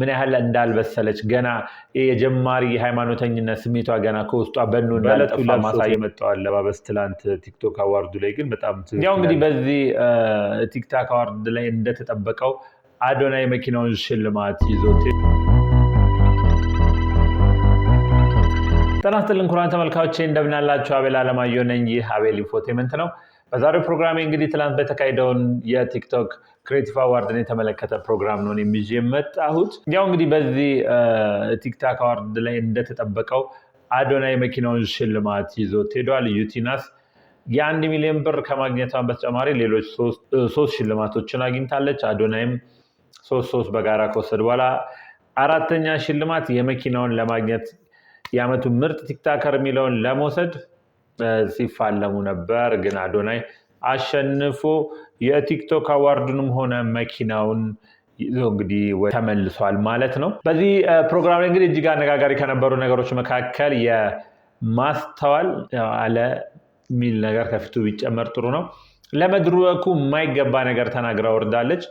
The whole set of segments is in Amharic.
ምን ያህል እንዳልበሰለች ገና የጀማሪ የሃይማኖተኝነት ስሜቷ ገና ከውስጧ በኑ እንዳለጠፋ ማሳይ የመጣው አለባበስ ትላንት ቲክቶክ አዋርዱ ላይ ግን በጣም ያው እንግዲህ በዚህ ቲክታክ አዋርድ ላይ እንደተጠበቀው አዶና የመኪናውን ሽልማት ይዞት ጠናስጥልን ኩራን ተመልካዮቼ ተመልካቾቼ እንደምናላችሁ አቤል አለማየሁ ነኝ። ይህ አቤል ኢንፎቴመንት ነው። በዛሬው ፕሮግራም እንግዲህ ትላንት በተካሄደውን የቲክቶክ ክሬቲቭ አዋርድን የተመለከተ ፕሮግራም ነው ይዤ የመጣሁት። ያው እንግዲህ በዚህ ቲክታክ አዋርድ ላይ እንደተጠበቀው አዶና የመኪናውን ሽልማት ይዞ ሄዷል። ዩቲናስ የአንድ ሚሊዮን ብር ከማግኘቷን በተጨማሪ ሌሎች ሶስት ሽልማቶችን አግኝታለች። አዶናይም ሶስት ሶስት በጋራ ከወሰድ በኋላ አራተኛ ሽልማት የመኪናውን ለማግኘት የአመቱ ምርጥ ቲክታከር የሚለውን ለመውሰድ ሲፋለሙ ነበር። ግን አዶናይ አሸንፎ የቲክቶክ አዋርዱንም ሆነ መኪናውን ይዞ እንግዲህ ተመልሷል ማለት ነው። በዚህ ፕሮግራም ላይ እንግዲህ እጅግ አነጋጋሪ ከነበሩ ነገሮች መካከል የማስተዋል አለ ሚል ነገር ከፊቱ ቢጨመር ጥሩ ነው። ለመድረኩ የማይገባ ነገር ተናግራ ወርዳለች።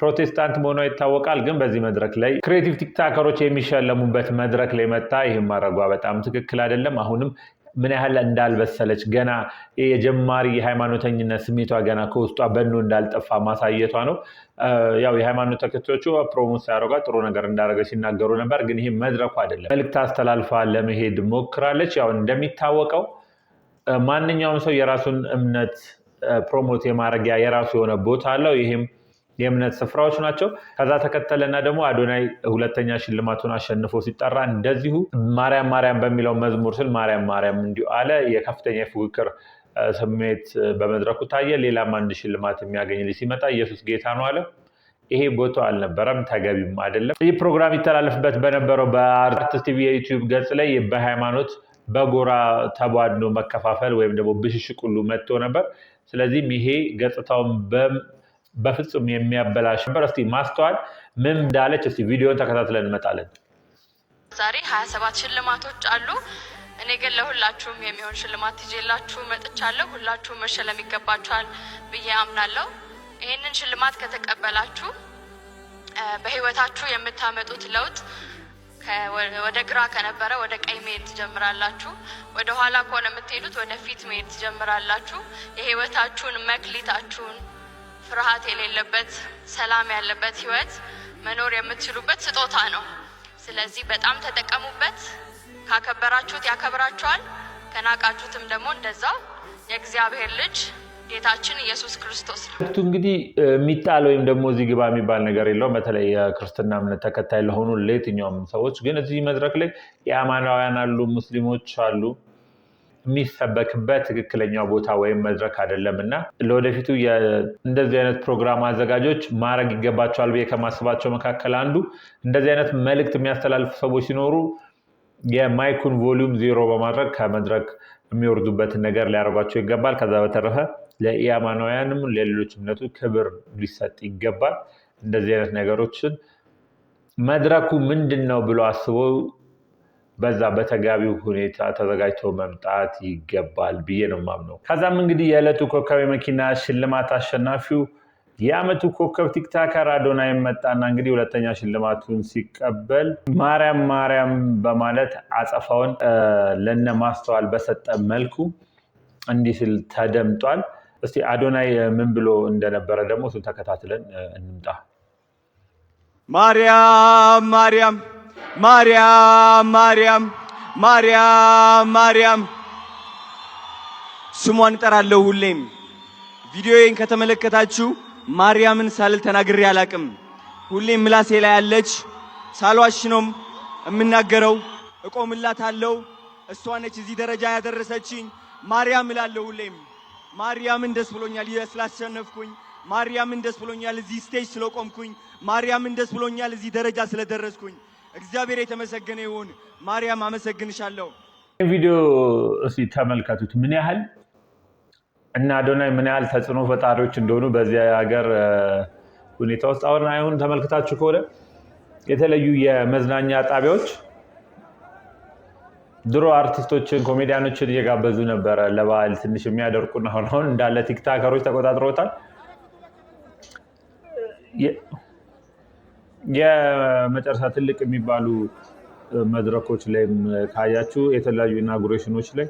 ፕሮቴስታንት መሆኗ ይታወቃል። ግን በዚህ መድረክ ላይ ክሬቲቭ ቲክታከሮች የሚሸለሙበት መድረክ ላይ መታ ይህም ማድረጓ በጣም ትክክል አይደለም። አሁንም ምን ያህል እንዳልበሰለች ገና የጀማሪ የሃይማኖተኝነት ስሜቷ ገና ከውስጧ በኑ እንዳልጠፋ ማሳየቷ ነው። ያው የሃይማኖት ተከታዮቹ ፕሮሞት ሲያደረጓ ጥሩ ነገር እንዳደረገ ሲናገሩ ነበር። ግን ይህ መድረኩ አይደለም። መልዕክት አስተላልፋ ለመሄድ ሞክራለች። ያው እንደሚታወቀው ማንኛውም ሰው የራሱን እምነት ፕሮሞት የማድረጊያ የራሱ የሆነ ቦታ አለው። ይህም የእምነት ስፍራዎች ናቸው። ከዛ ተከተለና ደግሞ አዶናይ ሁለተኛ ሽልማቱን አሸንፎ ሲጠራ እንደዚሁ ማርያም ማርያም በሚለው መዝሙር ስል ማርያም ማርያም እንዲሁ አለ። የከፍተኛ የፉክክር ስሜት በመድረኩ ታየ። ሌላም አንድ ሽልማት የሚያገኝ ልጅ ሲመጣ ኢየሱስ ጌታ ነው አለ። ይሄ ቦታ አልነበረም፣ ተገቢም አይደለም። ይህ ፕሮግራም ይተላለፍበት በነበረው በአርት ቲቪ የዩቲዩብ ገጽ ላይ በሃይማኖት በጎራ ተቧድኖ መከፋፈል ወይም ደግሞ ብሽሽቁሉ መጥቶ ነበር። ስለዚህም ይሄ ገጽታውን በፍጹም የሚያበላሽ ነበር። እስቲ ማስተዋል ምን እንዳለች እስቲ ቪዲዮን ተከታትለን እንመጣለን። ዛሬ ሀያ ሰባት ሽልማቶች አሉ። እኔ ግን ለሁላችሁም የሚሆን ሽልማት ይዤላችሁ መጥቻለሁ። ሁላችሁም መሸለም ይገባችኋል ብዬ አምናለሁ። ይህንን ሽልማት ከተቀበላችሁ በህይወታችሁ የምታመጡት ለውጥ ወደ ግራ ከነበረ ወደ ቀኝ መሄድ ትጀምራላችሁ። ወደ ኋላ ከሆነ የምትሄዱት ወደፊት መሄድ ትጀምራላችሁ። የህይወታችሁን መክሊታችሁን ፍርሃት የሌለበት ሰላም ያለበት ህይወት መኖር የምትችሉበት ስጦታ ነው። ስለዚህ በጣም ተጠቀሙበት። ካከበራችሁት ያከብራችኋል፣ ከናቃችሁትም ደግሞ እንደዛው። የእግዚአብሔር ልጅ ጌታችን ኢየሱስ ክርስቶስ ነው። እቱ እንግዲህ የሚጣል ወይም ደግሞ እዚህ ግባ የሚባል ነገር የለውም። በተለይ የክርስትና እምነት ተከታይ ለሆኑ ለየትኛውም ሰዎች ግን እዚህ መድረክ ላይ የአማናውያን አሉ፣ ሙስሊሞች አሉ የሚሰበክበት ትክክለኛው ቦታ ወይም መድረክ አይደለም እና ለወደፊቱ እንደዚህ አይነት ፕሮግራም አዘጋጆች ማድረግ ይገባቸዋል ብዬ ከማስባቸው መካከል አንዱ እንደዚህ አይነት መልእክት የሚያስተላልፉ ሰዎች ሲኖሩ የማይኩን ቮሊዩም ዜሮ በማድረግ ከመድረክ የሚወርዱበትን ነገር ሊያደርጓቸው ይገባል። ከዛ በተረፈ ለኢያማናውያንም ለሌሎች እምነቱ ክብር ሊሰጥ ይገባል። እንደዚህ አይነት ነገሮችን መድረኩ ምንድን ነው ብሎ አስበው በዛ በተጋቢው ሁኔታ ተዘጋጅቶ መምጣት ይገባል ብዬ ነው ማምነው። ከዛም እንግዲህ የዕለቱ ኮከብ የመኪና ሽልማት አሸናፊው የዓመቱ ኮከብ ቲክታከር አዶናይ መጣና እንግዲህ ሁለተኛ ሽልማቱን ሲቀበል ማርያም ማርያም በማለት አጸፋውን ለነ ማስተዋል በሰጠ መልኩ እንዲህ ስል ተደምጧል። እስቲ አዶናይ ምን ብሎ እንደነበረ ደግሞ እሱን ተከታትለን እንምጣ። ማርያም ማርያም ማርያም ማርያም ማርያም ማርያም ስሟን እጠራለሁ ሁሌም። ቪዲዮዬን ከተመለከታችሁ ማርያምን ሳልል ተናግሬ አላቅም። ሁሌም ምላሴ ላይ ያለች ሳልዋሽ ነው የምናገረው። እቆምላታለሁ። እሷ ነች እዚህ ደረጃ ያደረሰችኝ። ማርያም እላለሁ ሁሌም። ማርያምን ደስ ብሎኛል ስላሸነፍኩኝ። ማርያምን ደስ ብሎኛል እዚህ ስቴጅ ስለቆምኩኝ። ማርያምን ደስ ብሎኛል እዚህ ደረጃ ስለደረስኩኝ። እግዚአብሔር የተመሰገነ ይሁን። ማርያም አመሰግንሻለሁ። ቪዲዮ እስኪ ተመልከቱት ምን ያህል እና አዶናይ ምን ያህል ተጽዕኖ ፈጣሪዎች እንደሆኑ በዚያ ሀገር ሁኔታ ውስጥ አሁን አይሁን ተመልክታችሁ ከሆነ የተለዩ የመዝናኛ ጣቢያዎች ድሮ አርቲስቶችን ኮሜዲያኖችን እየጋበዙ ነበረ ለበዓል ትንሽ የሚያደርቁን አሁን አሁን እንዳለ ቲክታከሮች ተቆጣጥሮታል። የመጨረሻ ትልቅ የሚባሉ መድረኮች ላይም ካያችሁ የተለያዩ ኢናጉሬሽኖች ላይ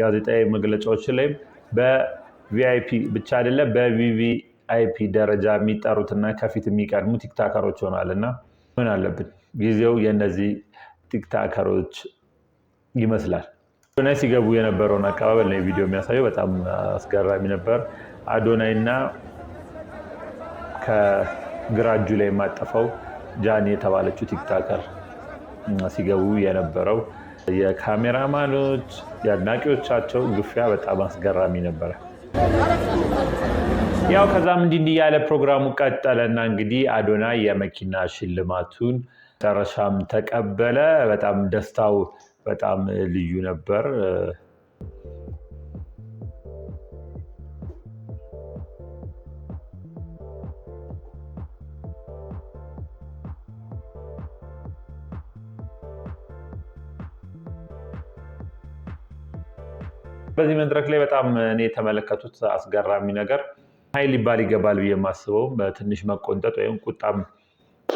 ጋዜጣዊ መግለጫዎች ላይም በቪአይፒ ብቻ አይደለም በቪቪአይፒ ደረጃ የሚጠሩትና ከፊት የሚቀድሙ ቲክታከሮች ይሆናል እና ምን አለብን ጊዜው የእነዚህ ቲክታከሮች ይመስላል። አዶናይ ሲገቡ የነበረውን አቀባበል ነው ቪዲዮ የሚያሳየው። በጣም አስገራሚ ነበር። አዶናይ እና ግራ እጁ ላይ የማጠፈው ጃኒ የተባለችው ቲክታከር ሲገቡ የነበረው የካሜራማኖች የአድናቂዎቻቸው ግፊያ በጣም አስገራሚ ነበረ። ያው ከዛም እንዲህ እንዲህ ያለ ፕሮግራሙ ቀጠለና እንግዲህ አዶና የመኪና ሽልማቱን መጨረሻም ተቀበለ። በጣም ደስታው በጣም ልዩ ነበር። በዚህ መድረክ ላይ በጣም እኔ የተመለከቱት አስገራሚ ነገር ኃይል ሊባል ይገባል ብዬ የማስበውም ትንሽ መቆንጠጥ ወይም ቁጣም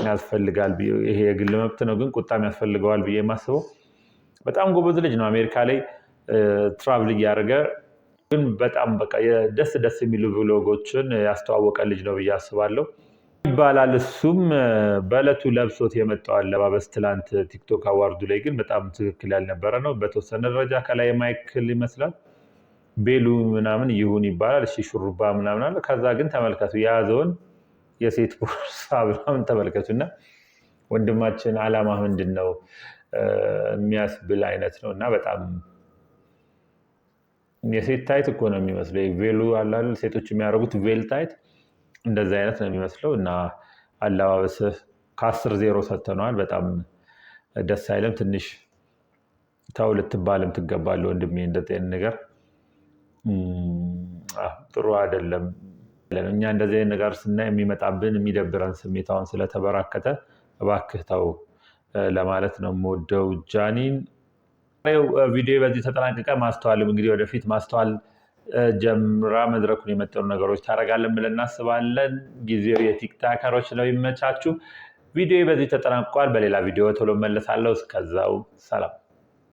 ያስፈልጋል። ይሄ የግል መብት ነው፣ ግን ቁጣም ያስፈልገዋል ብዬ የማስበው በጣም ጎበዝ ልጅ ነው። አሜሪካ ላይ ትራቭል እያደረገ ግን በጣም በቃ ደስ ደስ የሚሉ ብሎጎችን ያስተዋወቀ ልጅ ነው ብዬ አስባለሁ ይባላል። እሱም በእለቱ ለብሶት የመጣው አለባበስ ትላንት ቲክቶክ አዋርዱ ላይ ግን በጣም ትክክል ያልነበረ ነው። በተወሰነ ደረጃ ከላይ ማይክል ይመስላል ቤሉ ምናምን ይሁን ይባላል። እሺ ሹሩባ ምናምን አለ። ከዛ ግን ተመልከቱ የያዘውን የሴት ቦርሳ ምናምን ተመልከቱ እና ወንድማችን አላማ ምንድን ነው የሚያስብል አይነት ነው እና በጣም የሴት ታይት እኮ ነው የሚመስለው። ቬሉ አላል ሴቶች የሚያደርጉት ቬል ታይት እንደዚ አይነት ነው የሚመስለው እና አለባበስ ከአስር ዜሮ ሰጥተነዋል። በጣም ደስ አይለም ትንሽ ተው ልትባልም ትገባለ ወንድሜ እንደጤን ነገር ጥሩ አይደለም። እኛ እንደዚህ ነገር ስናይ የሚመጣብን የሚደብረን ስሜታውን ስለተበራከተ እባክህ ተው ለማለት ነው የምወደው። ጃኒን ቪዲዮ በዚህ ተጠናቀቀ። ማስተዋልም እንግዲህ ወደፊት ማስተዋል ጀምራ መድረኩን የመጠኑ ነገሮች ታደርጋለን ብለን እናስባለን። ጊዜው የቲክታከሮች ነው። ይመቻችሁ። ቪዲዮ በዚህ ተጠናቋል። በሌላ ቪዲዮ ቶሎ መለሳለሁ። እስከዛው ሰላም